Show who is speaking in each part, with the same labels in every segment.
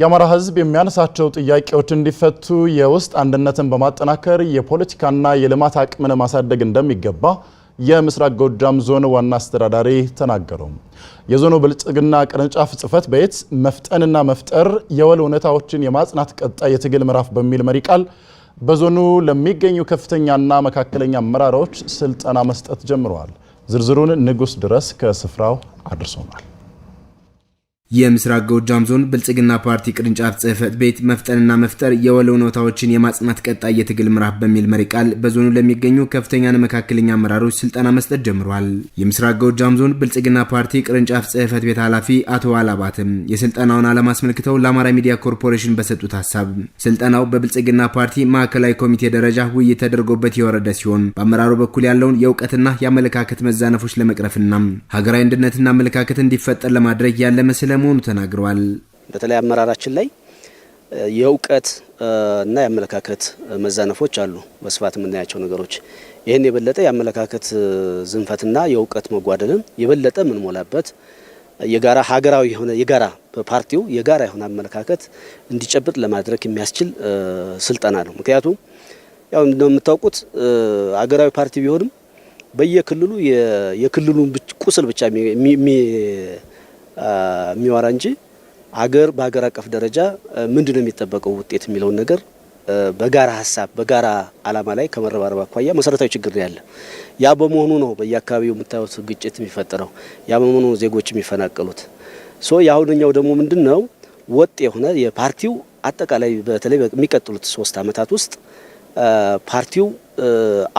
Speaker 1: የአማራ ህዝብ የሚያነሳቸው ጥያቄዎች እንዲፈቱ የውስጥ አንድነትን በማጠናከር የፖለቲካና የልማት አቅምን ማሳደግ እንደሚገባ የምስራቅ ጎጃም ዞን ዋና አስተዳዳሪ ተናገሩ። የዞኑ ብልጽግና ቅርንጫፍ ጽህፈት ቤት መፍጠንና መፍጠር የወል እውነታዎችን የማጽናት ቀጣይ የትግል ምዕራፍ በሚል መሪ ቃል በዞኑ ለሚገኙ ከፍተኛና መካከለኛ አመራሮች ስልጠና መስጠት ጀምረዋል። ዝርዝሩን ንጉስ ድረስ ከስፍራው አድርሶናል። የምስራቅ ጎጃም ዞን ብልጽግና ፓርቲ ቅርንጫፍ ጽህፈት ቤት መፍጠንና መፍጠር የወሎ እውነታዎችን የማጽናት ቀጣይ የትግል ምዕራፍ በሚል መሪ ቃል በዞኑ ለሚገኙ ከፍተኛና መካከለኛ አመራሮች ስልጠና መስጠት ጀምሯል። የምስራቅ ጎጃም ዞን ብልጽግና ፓርቲ ቅርንጫፍ ጽህፈት ቤት ኃላፊ አቶ አላባትም የስልጠናውን ዓላማ አስመልክተው ለአማራ ሚዲያ ኮርፖሬሽን በሰጡት ሀሳብ ስልጠናው በብልጽግና ፓርቲ ማዕከላዊ ኮሚቴ ደረጃ ውይይት ተደርጎበት የወረደ ሲሆን በአመራሩ በኩል ያለውን የእውቀትና የአመለካከት መዛነፎች ለመቅረፍና ሀገራዊ አንድነትና አመለካከት እንዲፈጠር ለማድረግ ያለ መስለ ስለመሆኑ ተናግረዋል።
Speaker 2: በተለይ አመራራችን ላይ የእውቀት እና የአመለካከት መዛነፎች አሉ። በስፋት የምናያቸው ነገሮች ይህን የበለጠ የአመለካከት ዝንፈትና የእውቀት መጓደልን የበለጠ የምንሞላበት የጋራ ሀገራዊ የሆነ የጋራ በፓርቲው የጋራ የሆነ አመለካከት እንዲጨብጥ ለማድረግ የሚያስችል ስልጠና ነው። ምክንያቱም ያው እንደምታውቁት ሀገራዊ ፓርቲ ቢሆንም በየክልሉ የክልሉን ቁስል ብቻ ሚዋራ እንጂ አገር በሀገር አቀፍ ደረጃ ምንድነው የሚጠበቀው ውጤት የሚለውን ነገር በጋራ ሀሳብ በጋራ አላማ ላይ ከመረባረብ አኳያ መሰረታዊ ችግር ነው ያለ። ያ በመሆኑ ነው በየአካባቢው የምታዩት ግጭት የሚፈጠረው፣ ያ በመሆኑ ዜጎች የሚፈናቀሉት። ሶ የአሁንኛው ደግሞ ምንድን ነው ወጥ የሆነ የፓርቲው አጠቃላይ በተለይ የሚቀጥሉት ሶስት አመታት ውስጥ ፓርቲው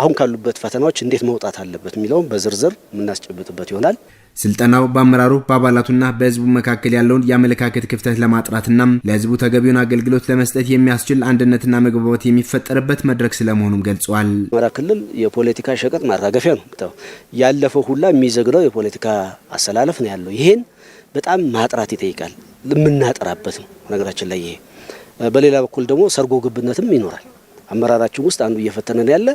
Speaker 2: አሁን ካሉበት ፈተናዎች እንዴት መውጣት አለበት የሚለውን በዝርዝር የምናስጨብጥበት ይሆናል።
Speaker 1: ስልጠናው በአመራሩ በአባላቱና በህዝቡ መካከል ያለውን የአመለካከት ክፍተት ለማጥራትና ለህዝቡ ተገቢውን አገልግሎት ለመስጠት የሚያስችል አንድነትና መግባባት የሚፈጠርበት መድረክ ስለመሆኑም ገልጿል።
Speaker 2: አማራ ክልል የፖለቲካ ሸቀጥ ማራገፊያ ነው። ያለፈው ሁላ የሚዘግነው የፖለቲካ አሰላለፍ ነው ያለው። ይሄን በጣም ማጥራት ይጠይቃል። የምናጠራበት ነው ነገራችን ላይ ይሄ። በሌላ በኩል ደግሞ ሰርጎ ግብነትም ይኖራል። አመራራችን ውስጥ አንዱ እየፈተነን ያለ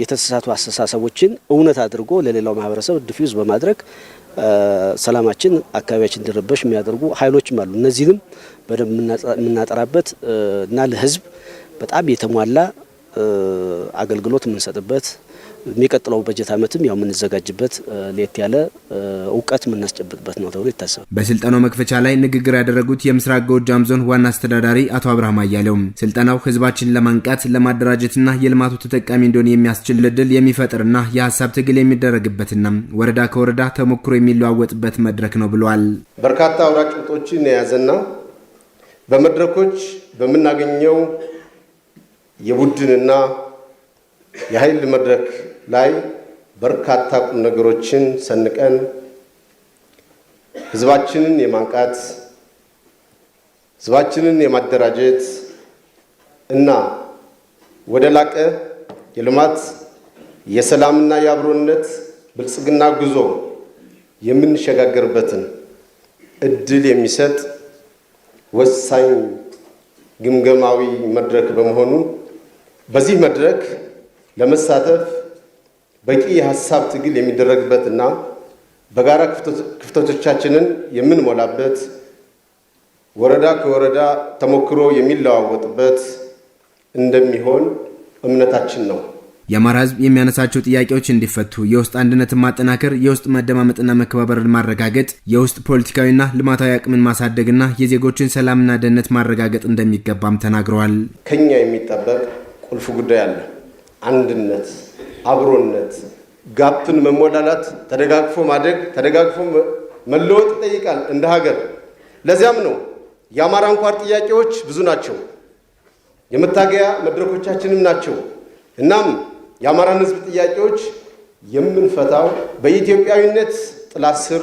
Speaker 2: የተሳሳቱ አስተሳሰቦችን እውነት አድርጎ ለሌላው ማህበረሰብ ዲፊውዝ በማድረግ ሰላማችን፣ አካባቢያችን እንዲረበሽ የሚያደርጉ ኃይሎችም አሉ። እነዚህንም በደንብ የምናጠራበት እና ለህዝብ በጣም የተሟላ አገልግሎት የምንሰጥበት የሚቀጥለው በጀት ዓመትም ያው የምንዘጋጅበት ሌት ያለ እውቀት የምናስጨብጥበት ነው ተብሎ ይታሰባል።
Speaker 1: በስልጠናው መክፈቻ ላይ ንግግር ያደረጉት የምስራቅ ጎጃም ዞን ዋና አስተዳዳሪ አቶ አብርሃም አያሌው ስልጠናው ህዝባችን ለማንቃት ለማደራጀትና የልማቱ ተጠቃሚ እንዲሆን የሚያስችል እድል የሚፈጥርና የሀሳብ ትግል የሚደረግበትና ወረዳ ከወረዳ ተሞክሮ የሚለዋወጥበት መድረክ ነው ብለዋል።
Speaker 3: በርካታ አውራ ጭብጦችን የያዘና በመድረኮች በምናገኘው የቡድንና የኃይል መድረክ ላይ በርካታ ቁም ነገሮችን ሰንቀን ህዝባችንን የማንቃት ህዝባችንን የማደራጀት እና ወደ ላቀ የልማት የሰላምና የአብሮነት ብልጽግና ጉዞ የምንሸጋገርበትን እድል የሚሰጥ ወሳኝ ግምገማዊ መድረክ በመሆኑ በዚህ መድረክ ለመሳተፍ በቂ የሀሳብ ትግል የሚደረግበትና በጋራ ክፍተቶቻችንን የምንሞላበት ወረዳ ከወረዳ ተሞክሮ የሚለዋወጥበት እንደሚሆን እምነታችን ነው።
Speaker 1: የአማራ ሕዝብ የሚያነሳቸው ጥያቄዎች እንዲፈቱ የውስጥ አንድነትን ማጠናከር፣ የውስጥ መደማመጥና መከባበርን ማረጋገጥ፣ የውስጥ ፖለቲካዊና ልማታዊ አቅምን ማሳደግና የዜጎችን ሰላምና ደህንነት ማረጋገጥ እንደሚገባም ተናግረዋል።
Speaker 3: ከኛ የሚጠበቅ ቁልፍ ጉዳይ አለ። አንድነት፣ አብሮነት፣ ጋፕን መሞላላት፣ ተደጋግፎ ማደግ፣ ተደጋግፎ መለወጥ ይጠይቃል እንደ ሀገር። ለዚያም ነው የአማራ አንኳር ጥያቄዎች ብዙ ናቸው፣ የመታገያ መድረኮቻችንም ናቸው። እናም የአማራን ሕዝብ ጥያቄዎች የምንፈታው በኢትዮጵያዊነት ጥላ ስር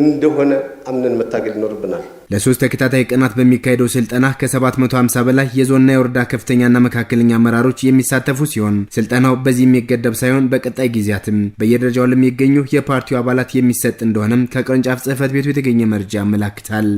Speaker 3: እንደሆነ አምነን መታገል ይኖርብናል።
Speaker 1: ለሶስት ተከታታይ ቀናት በሚካሄደው ስልጠና ከ750 በላይ የዞንና የወረዳ ከፍተኛና መካከለኛ አመራሮች የሚሳተፉ ሲሆን ስልጠናው በዚህ የሚገደብ ሳይሆን በቀጣይ ጊዜያትም በየደረጃው ለሚገኙ የፓርቲው አባላት የሚሰጥ እንደሆነም ከቅርንጫፍ ጽህፈት ቤቱ የተገኘ መረጃ ያመላክታል።